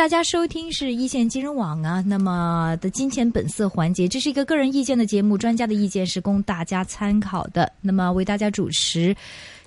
大家收聽是一線金融網啊，那麼的金錢本色環節，這是一個個人意見的節目，專家的意見是供大家參考的，那麼為大家主持。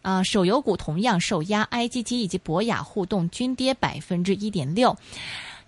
啊、呃，手遊股同樣受壓，IGG 以及博雅互動均跌百分之一點六。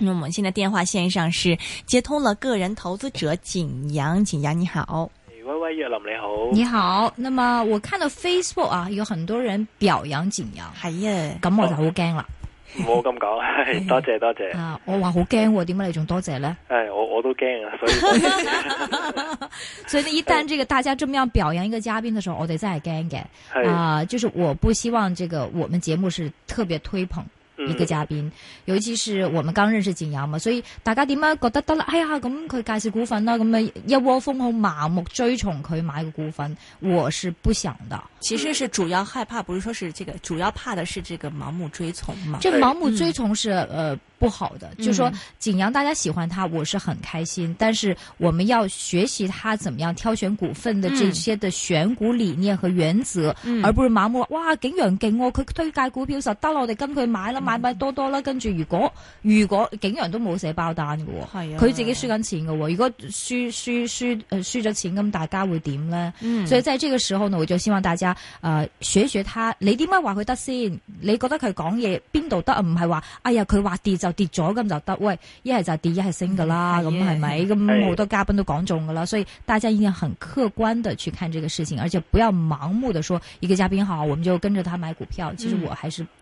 那麼、嗯、現在電話線上是接通了個人投資者景羊，景羊你好。哎，喂喂林你好。你好，那麼我看到 Facebook 啊，有很多人表揚景羊。係啊，咁我就好驚啦。唔好咁講，多謝多謝。啊，我話好驚，點解你仲多謝呢？係、哎，我我都驚啊，所以 所以呢，一旦這個大家這麼樣表揚一個嘉賓的時候，我哋真係驚嘅。係是啊，就是我不希望這個我們節目是特別推捧。一個嘉賓，尤其是我們剛認識景羊嘛，所以大家點啊，覺得得了？哎呀，咁佢介紹股份啦，咁啊一窩蜂好盲目追從佢買個股份，我是不想的。其實是主要害怕，不是說是這個，主要怕的是這個盲目追從嘛。這盲目追從是，呃。嗯不好的，就是、說景羊、嗯、大家喜歡他，我是很開心。但是我們要學習他怎麼樣挑選股份的這些的選股理念和原則，嗯、而不是盲目。哇，景羊勁哦，佢推介股票就得啦，我哋跟佢買啦，嗯、買買多多啦。跟住如果如果景羊都冇寫包單嘅，佢、啊、自己輸緊錢嘅、哦。如果輸輸輸誒、呃、輸咗錢，咁大家會點咧？嗯、所以在這個時候呢，我就希望大家誒、呃，學一學他。你點解話佢得先？你覺得佢講嘢邊度得啊？唔係話哎呀，佢話跌就。跌咗咁就得，喂、嗯，一係就跌，一係升噶啦，咁係咪？咁好多嘉賓都講中噶啦，哎、呀所以大家一定要很客觀的去看這個事情，而且不要盲目的說一個嘉賓好，我們就跟着他買股票。其實我還是，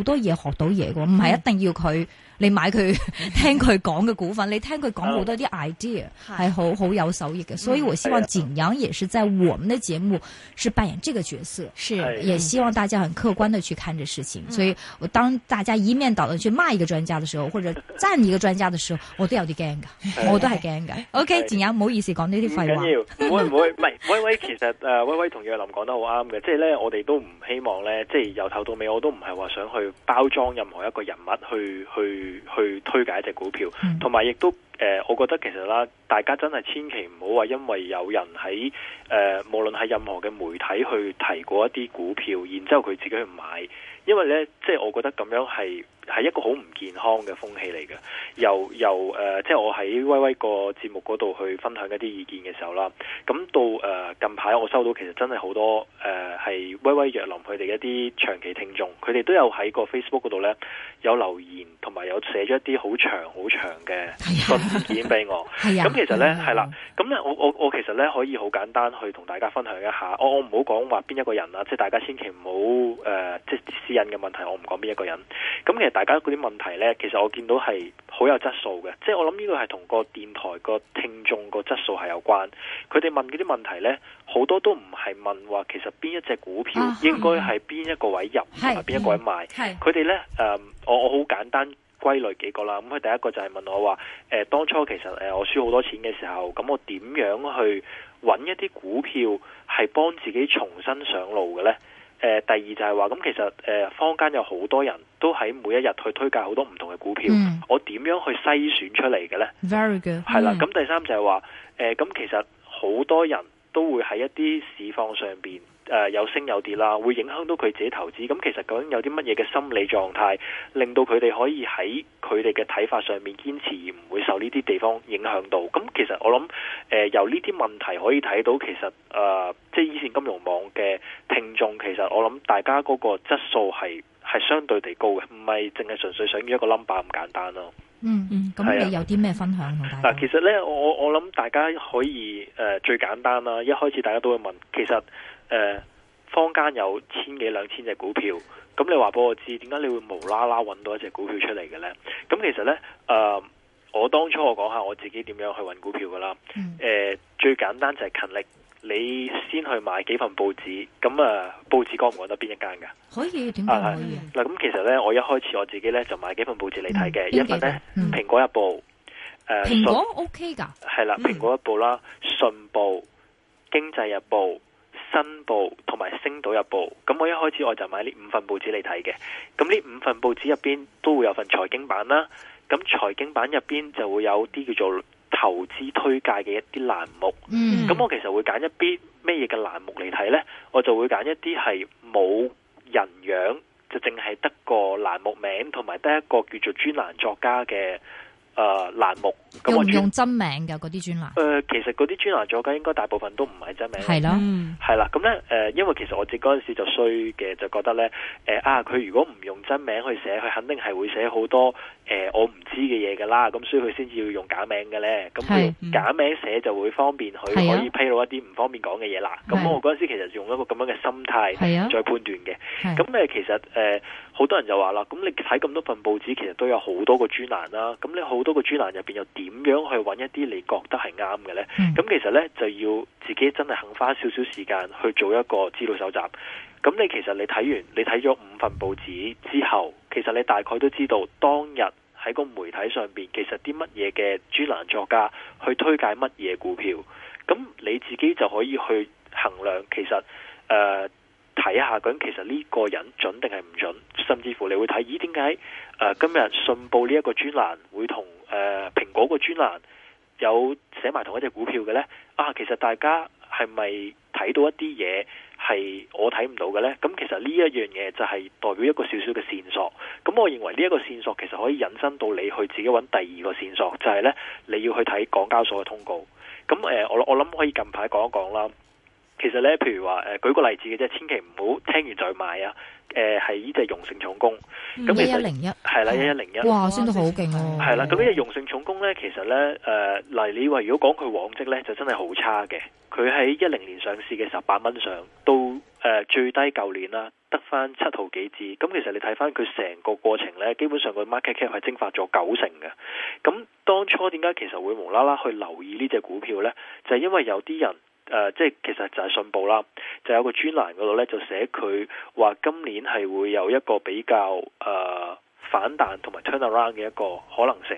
好多嘢學到嘢噶，唔係一定要佢。你買佢聽佢講嘅股份，你聽佢講好多啲 idea 係好好有收益嘅，所以我希望景羊也是在我們的節目是扮演這個角色，係是也希望大家很客觀的去看這事情，是所以我當大家一面倒的去罵一個專家的時候，或者讚一個專家的時候，我都有啲驚㗎，是我都係驚㗎。OK，景羊唔好意思講呢啲廢話。唔緊要，唔會唔會，唔係、呃、威威其實誒威威同若林講得好啱嘅，即係咧我哋都唔希望咧，即係由頭到尾我都唔係話想去包裝任何一個人物去去。去推介一隻股票，同埋亦都。誒、呃，我覺得其實啦，大家真係千祈唔好話，因為有人喺誒、呃，無論係任何嘅媒體去提過一啲股票，然之後佢自己去買，因為咧，即係我覺得咁樣係係一個好唔健康嘅風氣嚟嘅。又由誒、呃，即係我喺威威個節目嗰度去分享一啲意見嘅時候啦，咁到誒、呃、近排我收到其實真係好多誒，係、呃、威威若林佢哋一啲長期聽眾，佢哋都有喺個 Facebook 嗰度咧有留言，同埋有寫咗一啲好長好長嘅。 俾 我，咁、 啊、其實呢，係、嗯、啦，咁我我我其實呢，可以好簡單去同大家分享一下，我我唔好講話邊一個人啦，即係大家千祈唔好誒，即係私隱嘅問題，我唔講邊一個人。咁其實大家嗰啲問題呢，其實我見到係好有質素嘅，即係我諗呢個係同個電台個聽眾個質素係有關。佢哋問嗰啲問題呢，好多都唔係問話，其實邊一隻股票應該係邊一個位入同埋邊一個位賣。佢哋呢，誒、呃，我我好簡單。歸類幾個啦，咁佢第一個就係問我話，誒當初其實誒我輸好多錢嘅時候，咁我點樣去揾一啲股票係幫自己重新上路嘅呢？」誒第二就係話，咁其實誒坊間有好多人都喺每一日去推介好多唔同嘅股票，嗯、我點樣去篩選出嚟嘅呢？」Very good。係啦，咁第三就係話，誒咁其實好多人都會喺一啲市況上邊。誒、呃，有升有跌啦，會影響到佢自己投資。咁其實究竟有啲乜嘢嘅心理狀態，令到佢哋可以喺佢哋嘅睇法上面堅持，而唔會受呢啲地方影響到。咁其實我諗、呃，由呢啲問題可以睇到，其實、呃、即係以前金融網嘅聽眾，其實我諗大家嗰個質素係係相對地高嘅，唔係淨係純粹想要一個 number 咁簡單咯、嗯。嗯嗯，咁你有啲咩分享嗱、啊，其實咧，我我諗大家可以、呃、最簡單啦，一開始大家都會問，其實。誒，坊間有千幾兩千隻股票，咁你話俾我知，點解你會無啦啦揾到一隻股票出嚟嘅呢？咁其實呢，誒、呃，我當初我講下我自己點樣去揾股票噶啦、嗯呃。最簡單就係勤力，你先去買幾份報紙。咁啊，報紙講唔講到邊一間嘅？可以，點樣可以。嗱，咁其實呢，我一開始我自己呢，就買幾份報紙嚟睇嘅，嗯、的一份呢，蘋、嗯、果日報，誒、呃，蘋果 OK 噶，係啦，蘋果日報啦，信、嗯、報，經濟日報，新報同埋星島日報，咁我一開始我就買呢五份報紙嚟睇嘅。咁呢五份報紙入邊都會有一份財經版啦。咁財經版入邊就會有啲叫做投資推介嘅一啲欄目。咁我其實會揀一啲咩嘢嘅欄目嚟睇呢？我就會揀一啲係冇人樣，就淨係得個欄目名，同埋得一個叫做專欄作家嘅。誒，欄、呃、目咁我、嗯、用用真名嘅嗰啲專欄。誒、呃，其實嗰啲專欄作家應該大部分都唔係真名。係咯，係啦。咁咧，誒、呃，因為其實我自嗰陣時就衰嘅，就覺得咧，誒、呃、啊，佢如果唔用真名去寫，佢肯定係會寫好多誒、呃、我唔知嘅嘢噶啦。咁所以佢先至要用假名嘅咧。咁佢假名寫就會方便佢可以披露一啲唔方便講嘅嘢啦。咁、啊、我嗰陣時其實用一個咁樣嘅心態再判斷嘅。咁誒、啊啊呃，其實誒。呃好多人就話啦，咁你睇咁多份報紙，其實都有好多個專欄啦、啊。咁你好多個專欄入面，又點樣去揾一啲你覺得係啱嘅呢？咁、嗯、其實呢，就要自己真係肯花少少時間去做一個資料搜集。咁你其實你睇完你睇咗五份報紙之後，其實你大概都知道當日喺個媒體上面其實啲乜嘢嘅專欄作家去推介乜嘢股票，咁你自己就可以去衡量其實、呃睇下究竟，其實呢個人準定係唔準，甚至乎你會睇，咦？點解今日信報呢一個專欄會同誒蘋果個專欄有寫埋同一隻股票嘅呢？啊，其實大家係咪睇到一啲嘢係我睇唔到嘅呢？咁其實呢一樣嘢就係代表一個少少嘅線索。咁我認為呢一個線索其實可以引申到你去自己揾第二個線索，就係呢，你要去睇港交所嘅通告。咁誒，我我諗可以近排講一講啦。其實咧，譬如話誒、呃，舉個例子嘅啫，千祈唔好聽完再買啊！誒、呃，係呢隻榮盛重工，咁、嗯、其實一零一係啦，一一零一哇，升到好勁啊！係啦，咁呢隻榮盛重工咧，其實咧誒，嗱、呃，例如你以如果講佢往績咧，就真係好差嘅。佢喺一零年上市嘅十八蚊上，到誒、呃、最低舊年啦，得翻七毫幾紙。咁其實你睇翻佢成個過程咧，基本上個 market cap 係蒸發咗九成嘅。咁當初點解其實會無啦啦去留意呢隻股票咧？就係、因為有啲人。誒、呃，即係其實就係信報啦，就有個專欄嗰度咧，就寫佢話今年係會有一個比較誒、呃、反彈同埋 turnaround 嘅一個可能性。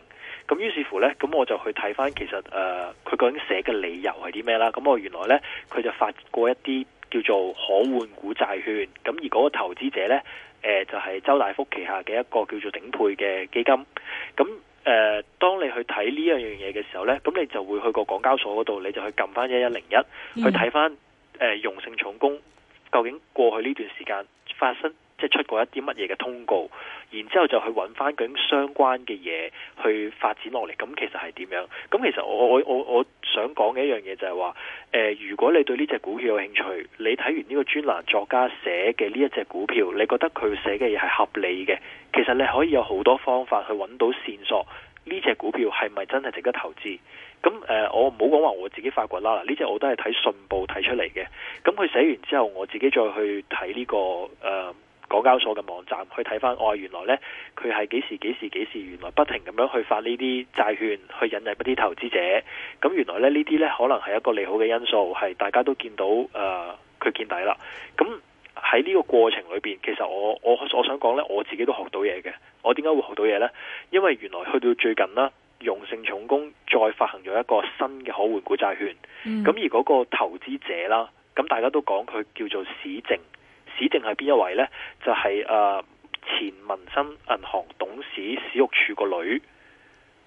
咁、嗯、於是乎咧，咁我就去睇返其實誒佢、呃、究竟寫嘅理由係啲咩啦？咁、嗯、我原來咧佢就發過一啲叫做可換股債券，咁、嗯、而嗰個投資者咧，誒、呃、就係、是、周大福旗下嘅一個叫做頂配嘅基金，咁、嗯。誒、呃，當你去睇呢樣樣嘢嘅時候咧，咁你就會去個港交所嗰度，你就 1,、mm. 去撳翻一一零一去睇翻誒熔盛重工究竟過去呢段時間發生。即出過一啲乜嘢嘅通告，然之後就去揾翻嗰種相關嘅嘢去發展落嚟。咁其實係點樣？咁其實我我我我想講嘅一樣嘢就係話，誒、呃，如果你對呢隻股票有興趣，你睇完呢個專欄作家寫嘅呢一隻股票，你覺得佢寫嘅嘢係合理嘅，其實你可以有好多方法去揾到線索，呢隻股票係咪真係值得投資？咁誒、呃，我唔好講話我自己發掘啦。呢隻我都係睇信報睇出嚟嘅。咁佢寫完之後，我自己再去睇呢、呢個誒。呃港交所嘅網站去睇翻，我原來呢，佢係幾時幾時幾時，時，原來不停咁樣去發呢啲債券去引入一啲投資者，咁原來咧呢啲呢，可能係一個利好嘅因素，係大家都見到誒佢、呃、見底啦。咁喺呢個過程裏邊，其實我我我想講呢，我自己都學到嘢嘅。我點解會學到嘢呢？因為原來去到最近啦，融盛重工再發行咗一個新嘅可換股債券，咁、嗯、而嗰個投資者啦，咁大家都講佢叫做市政。史定係邊一位呢？就係、是、誒、呃、前民生銀行董事史玉柱個女，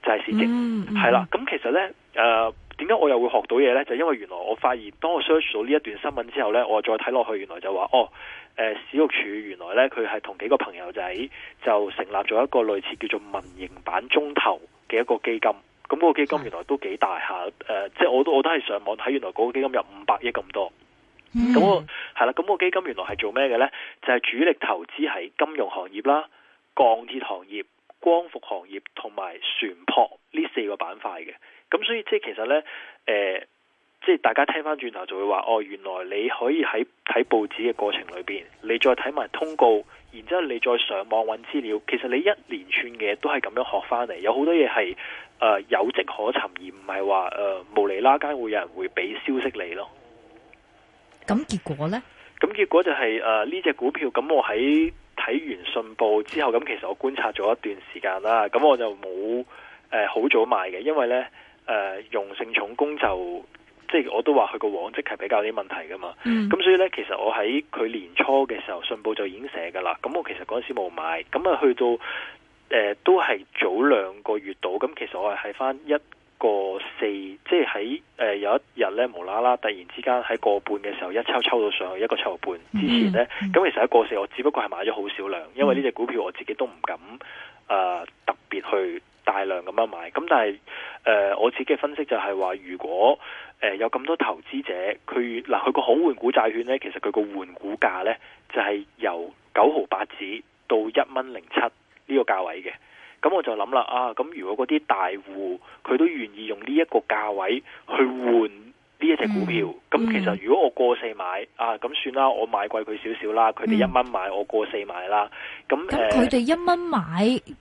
就係史正係啦。咁、嗯嗯、其實呢，誒、呃，點解我又會學到嘢呢？就因為原來我發現當我 search 到呢一段新聞之後呢，我再睇落去，原來就話哦，誒史玉柱原來呢，佢係同幾個朋友仔就成立咗一個類似叫做民營版中投嘅一個基金。咁嗰個基金原來都幾大下誒、嗯呃，即係我都我都係上網睇，原來嗰個基金有五百億咁多。咁。嗯係啦，咁個基金原來係做咩嘅呢？就係主力投資喺金融行業啦、鋼鐵行業、光伏行業同埋船舶呢四個板塊嘅。咁所以即係其實呢，呃、即係大家聽翻轉頭就會話哦，原來你可以喺睇報紙嘅過程裏邊，你再睇埋通告，然之後你再上網揾資料。其實你一連串嘅都係咁樣學翻嚟，有好多嘢係、呃、有跡可尋，而唔係話誒無厘啦間會有人會俾消息你咯。咁結果呢？咁結果就係誒呢隻股票，咁我喺睇完信報之後，咁其實我觀察咗一段時間啦，咁我就冇誒好早買嘅，因為呢，誒榮盛重工就即係我都話佢個往績係比較啲問題噶嘛，咁、mm. 所以呢，其實我喺佢年初嘅時候信報就已經寫噶啦，咁我其實嗰時冇買，咁啊去到、呃、都係早兩個月到，咁其實我係翻一。一過四，即係喺誒有一日咧，無啦啦突然之間喺過半嘅時候一抽抽到上去一個七毫半之前咧，咁、嗯嗯、其實喺過四我只不過係買咗好少量，因為呢隻股票我自己都唔敢誒、呃、特別去大量咁樣買，咁但係誒、呃、我自己嘅分析就係話，如果誒、呃、有咁多投資者，佢嗱佢個可換股債券咧，其實佢、就是、個換股價咧就係由九毫八至到一蚊零七呢個價位嘅。咁我就諗啦，啊，咁如果嗰啲大戶佢都願意用呢一個價位去換呢一隻股票，咁、嗯、其實如果我過四買，啊，咁算啦，我買貴佢少少啦，佢哋、嗯、一蚊買，我過四買啦，咁咁佢哋一蚊買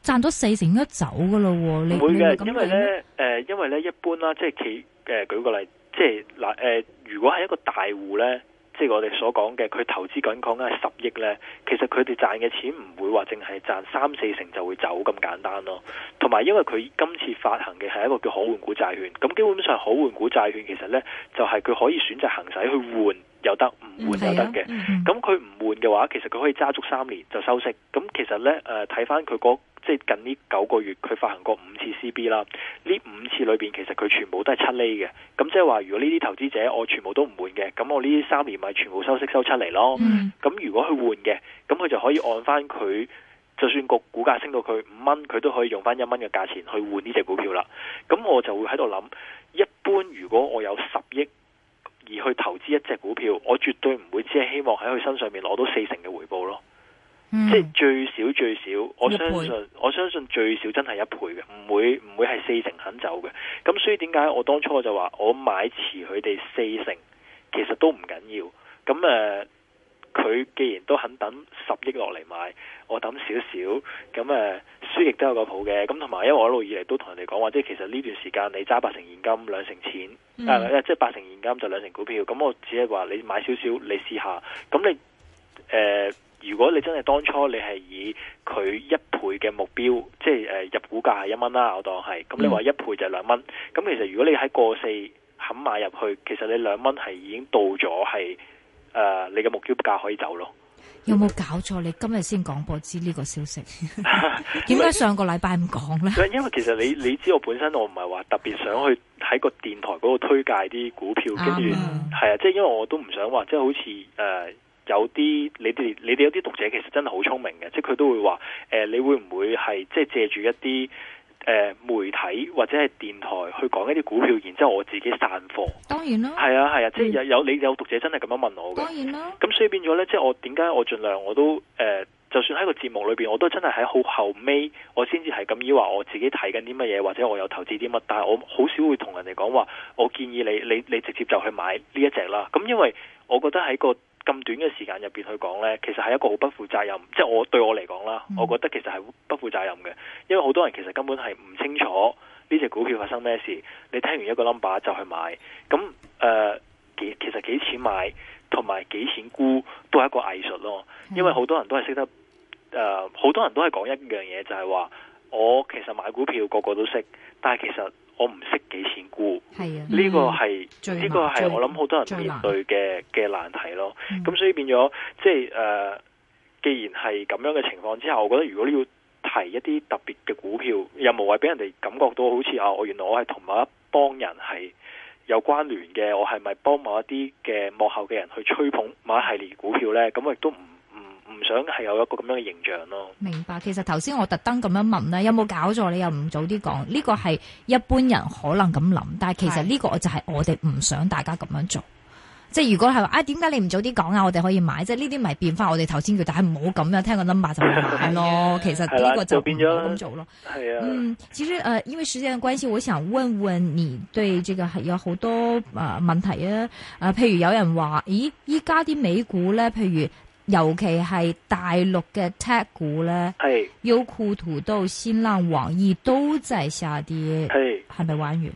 賺咗四、呃、四成一走噶，你唔會嘅，因為咧，誒，因為咧，一般啦，即係企，誒，舉個例，即係嗱，誒、呃，如果係一個大戶咧。即係我哋所講嘅，佢投資緊講緊係十億呢，其實佢哋賺嘅錢唔會話淨係賺三四成就會走咁簡單咯。同埋因為佢今次發行嘅係一個叫可換股債券，咁基本上可換股債券其實呢，就係佢可以選擇行使去換又得，唔換又得嘅。咁佢唔換嘅話，其實佢可以揸足三年就收息。咁其實呢，誒、呃，睇翻佢個。即係近呢九個月，佢發行過五次 CB 啦。呢五次裏邊，其實佢全部都係七厘嘅。咁即係話，如果呢啲投資者我全部都唔換嘅，咁我呢啲三年咪全部收息收出嚟咯。咁如果佢換嘅，咁佢就可以按翻佢，就算個股價升到佢五蚊，佢都可以用翻一蚊嘅價錢去換呢隻股票啦。咁我就會喺度諗，一般如果我有十億而去投資一隻股票，我絕對唔會只係希望喺佢身上面攞到四成嘅回。即係最少最少，我相信一倍？我相信最少真係一倍嘅，唔會唔會係四成肯走嘅。咁所以點解我當初我就話我買遲佢哋四成，其實都唔緊要。咁誒，佢、呃、既然都肯等十億落嚟買，我等少少。咁誒，輸亦都有個譜嘅。咁同埋，因為我一路以嚟都同人哋講話，即係其實呢段時間你揸八成現金兩成錢，但係咧？即係、呃就是、八成現金就兩成股票。咁我只係話你買少少，你試下。咁你誒。呃如果你真係當初你係以佢一倍嘅目標，即係誒入股價係一蚊啦，我當係咁，你話一倍就係兩蚊。咁、嗯、其實如果你喺過四冚買入去，其實你兩蚊係已經到咗係誒你嘅目標價可以走咯。有冇搞錯？嗯、你今日先講我知呢個消息？點解 上個禮拜唔講咧？ 因為其實你你知我本身我唔係話特別想去喺個電台嗰度推介啲股票，跟住係啊，即係因為我都唔想話即係好似誒。呃有啲你哋，你哋有啲讀者其實真係好聰明嘅，即係佢都會話誒、呃，你會唔會係即係借住一啲誒、呃、媒體或者係電台去講一啲股票，然之後我自己散貨？當然啦，係啊，係啊，嗯、即係有有你有讀者真係咁樣問我嘅，當然啦。咁、嗯、所以變咗咧，即係我點解我盡量我都誒、呃，就算喺個節目裏邊，我都真係喺好後尾我先至係咁樣話我自己睇緊啲乜嘢，或者我有投資啲乜，但係我好少會同人哋講話，我建議你你你直接就去買呢一隻啦。咁、嗯、因為我覺得喺個。咁短嘅時間入邊去講呢，其實係一個好不負責任，即係我對我嚟講啦，我覺得其實係不負責任嘅，因為好多人其實根本係唔清楚呢隻股票發生咩事，你聽完一個 number 就去買，咁誒幾其實幾錢買同埋幾錢沽都係一個藝術咯，因為好多人都係識得，誒、呃、好多人都係講一樣嘢，就係、是、話我其實買股票個個都識，但係其實。我唔識幾錢估，呢、啊、個係呢難個係最我諗好多人面對嘅嘅難，難題咯。咁、嗯、所以變咗即係、呃、既然係咁樣嘅情況之下，我覺得如果你要提一啲特別嘅股票，又無謂俾人哋感覺到好似啊，我原來我係同某一幫人係有關聯嘅，我係咪幫某一啲嘅幕後嘅人去吹捧某一系列股票呢？咁我亦都唔。唔想係有一個咁樣嘅形象咯。明白，其實頭先我特登咁樣問咧，有冇搞錯？你又唔早啲講？呢個係一般人可能咁諗，但係其實呢個就係我哋唔想大家咁樣做。是的 即係如果係話啊，哎、點解你唔早啲講啊？我哋可以買。即係呢啲咪變翻我哋頭先叫大家，但係唔好咁樣聽個 number 就咁買咯。 其實呢個就變咗咁做咯。係啊。嗯，其實誒、呃，因為時間嘅關係，我想問問你對這個係有好多啊、呃、問題啊啊、呃，譬如有人話，咦，依家啲美股咧，譬如。尤其係大陸嘅 tech 股咧，優酷是、土豆、新浪、網易都在下跌，係咪是玩完？誒、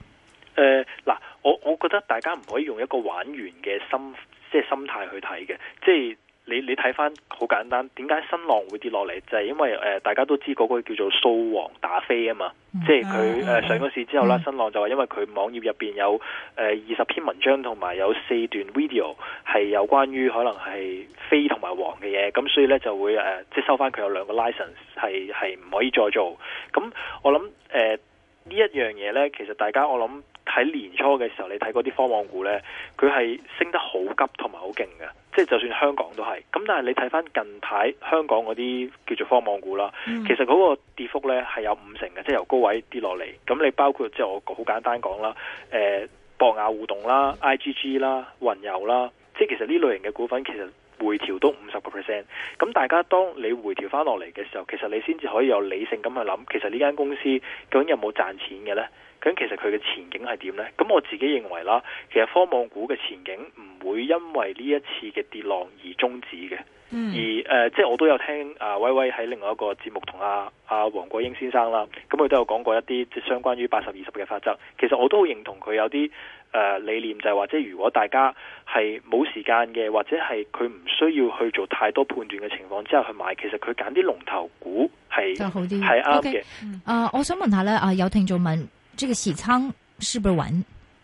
呃、嗱、呃，我我覺得大家唔可以用一個玩完嘅心，即係心態去睇嘅，即係。你你睇翻好簡單，點解新浪會跌落嚟就係、是、因為、呃、大家都知嗰個叫做掃黃打非啊嘛，嗯、即係佢、呃、上個市之後啦，嗯、新浪就話因為佢網頁入邊有二十、呃、篇文章同埋有四段 video 係有關於可能係非同埋黃嘅嘢，咁所以呢，就會、呃、即係收翻佢有兩個 license 係係唔可以再做，咁我諗呢一樣嘢呢，其實大家我諗。喺年初嘅時候，你睇嗰啲科網股呢，佢係升得好急同埋好勁嘅，即係就算香港都係。咁但係你睇翻近排香港嗰啲叫做科網股啦，mm hmm. 其實嗰個跌幅呢係有五成嘅，即係由高位跌落嚟。咁你包括即係、就是、我好簡單講啦，誒、呃、博雅互動啦、IGG 啦、雲遊啦，即係其實呢類型嘅股份其實。回調都五十個 percent，咁大家當你回調翻落嚟嘅時候，其實你先至可以有理性咁去諗，其實呢間公司究竟有冇賺錢嘅呢？究竟其實佢嘅前景係點呢？咁我自己認為啦，其實科網股嘅前景唔會因為呢一次嘅跌浪而終止嘅。嗯、而誒、呃，即係我都有聽啊，威威喺另外一個節目同阿阿黃國英先生啦，咁、嗯、佢都有講過一啲即係相關於八十二十嘅法則。其實我都好認同佢有啲誒、呃、理念，就係話即係如果大家係冇時間嘅，或者係佢唔需要去做太多判斷嘅情況之下去買，其實佢揀啲龍頭股係好啲，係啱嘅。啊、okay. 呃，我想問下咧，啊有聽眾問，即係洗倉是不是玩，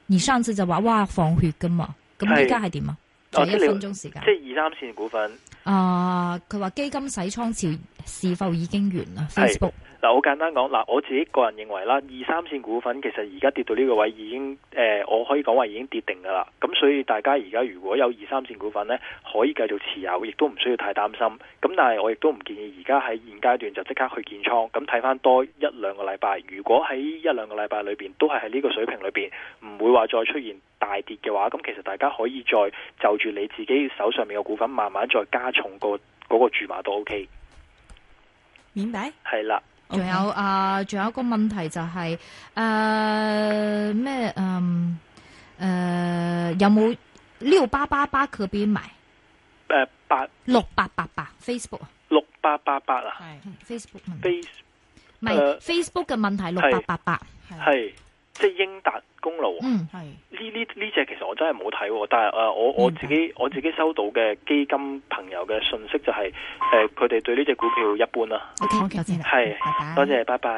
你上次就話哇放血噶嘛，咁而家係點啊？仲係一分鐘時間，哦、即係二三線股份。啊！佢話、uh, 基金洗倉潮是否已經完啦？Facebook。嗱，好簡單講，嗱，我自己個人認為啦，二三線股份其實而家跌到呢個位已經，誒、呃，我可以講話已經跌定噶啦。咁所以大家而家如果有二三線股份呢，可以繼續持有，亦都唔需要太擔心。咁但係我亦都唔建議而家喺現階段就即刻去建倉。咁睇翻多一兩個禮拜，如果喺一兩個禮拜裏邊都係喺呢個水平裏邊，唔會話再出現大跌嘅話，咁其實大家可以再就住你自己手上面嘅股份，慢慢再加重、個嗰、嗰個注碼都 OK。明白？係啦。仲有啊，仲、okay. 呃、有一個問題就係誒咩嗯誒、呃、有冇六八八八佢邊埋？誒八六八八八 Facebook 啊？六八八八啊？係 Facebook。Face 唔係 Facebook 嘅問題，六八八八係。即係英達公路，嗯呢呢呢隻其實我真係冇睇，但係誒我我自己我自己收到嘅基金朋友嘅信息就係誒佢哋對呢隻股票一般啦。O K，好，多謝是，係拜，多謝，拜拜。